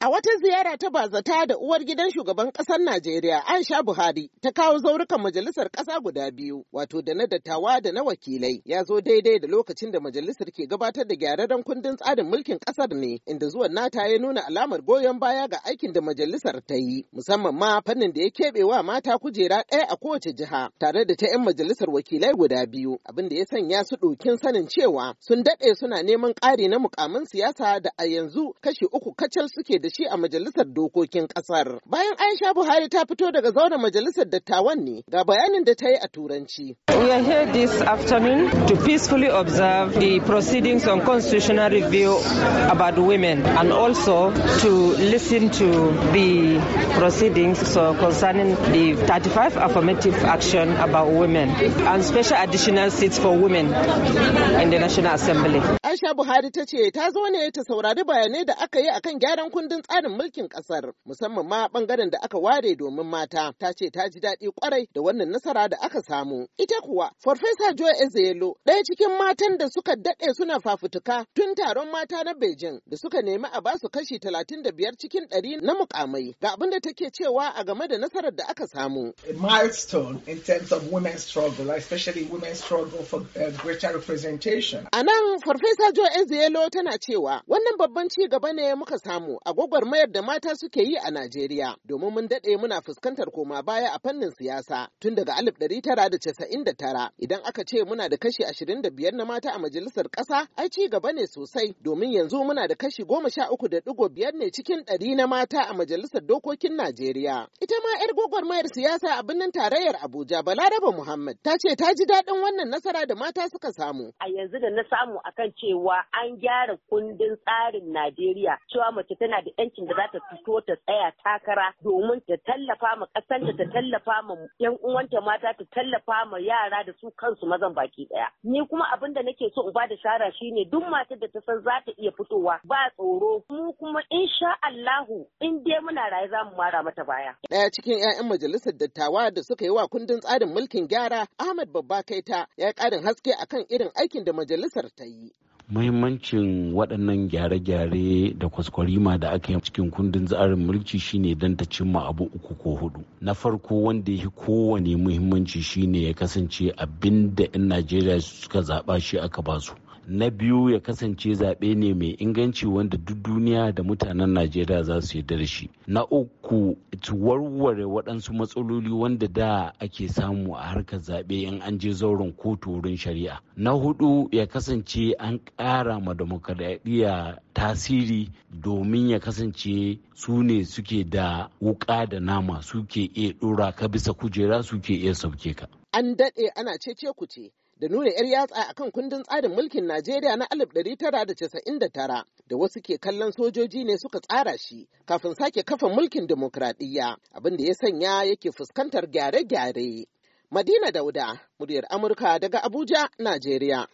A wata ziyara ta bazata da uwar gidan shugaban ƙasar Najeriya Aisha Buhari ta kawo zaurukan majalisar ƙasa guda biyu, wato da na dattawa da na wakilai, ya zo daidai da lokacin da majalisar ke gabatar da gyararren kundin tsarin mulkin ƙasar ne, inda zuwan nata ya nuna alamar goyon baya ga aikin da majalisar ta yi, musamman ma fannin da ya keɓe wa mata kujera ɗaya a kowace jiha, tare da ta 'yan majalisar wakilai guda biyu, abin da ya sanya su ɗokin sanin cewa sun daɗe suna neman ƙari na mukamin siyasa da a yanzu kashi uku kacal suke da da shi a majalisar dokokin kasar. Bayan Aisha Buhari ta fito daga majalisar dattawan ne ga bayanin da ta yi a turanci. We are here this afternoon to peacefully observe the proceedings on constitutional review about women and also to listen to the proceedings so concerning the 35 affirmative action about women and special additional seats for women in the National Assembly. Aisha Buhari ta ce ta zo ne ta saurari bayanai da aka yi akan gyaran kundin tsarin mulkin kasar musamman ma bangaren da aka ware domin mata ta ce ta ji daɗi kwarai da wannan nasara da aka samu. Ita kuwa Farfesa Joy Ezeyelo ɗaya cikin matan da suka daɗe suna fafutuka tun taron mata na Beijing da suka nemi a basu kashi talatin da biyar cikin ɗari na mukamai ga abin da take cewa a game da nasarar da aka samu. A milestone in terms of women's struggle, especially women's struggle for uh, greater representation. A nan Farfesa Barista Jo Ezelo tana cewa wannan babban ci gaba ne muka samu a gwagwarmayar da mata suke yi a Najeriya domin mun daɗe muna fuskantar koma baya a fannin siyasa tun daga 1999 idan aka ce muna da kashi 25 na mata a majalisar ƙasa ai ci gaba ne sosai domin yanzu muna da kashi 13.5 ne cikin ɗari na mata a majalisar dokokin Najeriya. Ita ma 'yar mayar siyasa a birnin tarayyar Abuja Balaraba Muhammad ta ce ta ji daɗin wannan nasara da mata suka samu. A yanzu da na samu akan ce cewa an gyara kundin tsarin Najeriya cewa mace tana da yancin da za ta fito ta tsaya takara domin ta tallafa ma kasanta ta tallafa ma yan uwanta mata ta tallafa ma yara da su kansu mazan baki daya. Ni kuma abin da nake so in ba da shara shine duk matar da ta san za ta iya fitowa ba tsoro mu kuma insha Allahu in dai muna raye za mu mara mata baya. Daya cikin 'ya'yan majalisar dattawa da suka yi wa kundin tsarin mulkin gyara Ahmad Babba Kaita ya ƙarin haske akan irin aikin da majalisar ta yi. muhimmancin waɗannan gyare-gyare da kwaskwarima da aka yi cikin kundin tsarin mulki shine don ta cimma abu uku ko hudu na farko wanda ya kowane muhimmanci shine ya kasance abin da 'yan najeriya suka zaɓa shi aka basu na biyu ya kasance zaɓe ne mai inganci wanda duk duniya da mutanen najeriya za su yarda da shi na uku warware waɗansu matsaloli wanda da ake samu a harkar zaɓe in an je zauren kotu wurin shari'a na hudu ya kasance an ƙara ma demokradiyya tasiri domin ya kasance su ne suke da wuƙa da nama suke iya ɗora ka bisa kujera suke iya sauke ka an daɗe ana cece ce. da nuna 'yar yatsa a kan kundin tsarin mulkin Najeriya na 1999 da wasu ke kallon sojoji ne suka tsara shi kafin sake kafa mulkin demokradiyya abinda ya sanya yake fuskantar gyare-gyare. Madina Dauda, muryar Amurka daga Abuja, Najeriya.